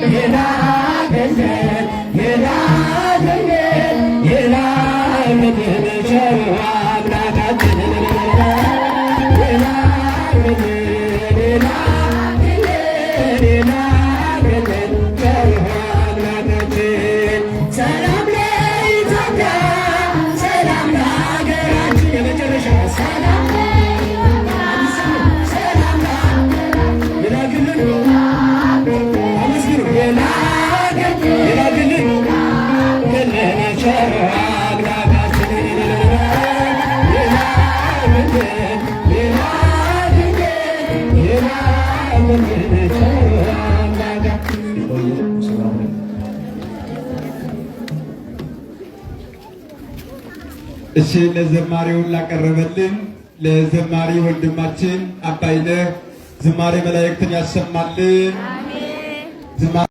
Yeah. እሺ ለዘማሪውን ላቀረበልን ለዘማሪ ወንድማችን አባይነህ ዝማሬ መላእክትን ያሰማልን።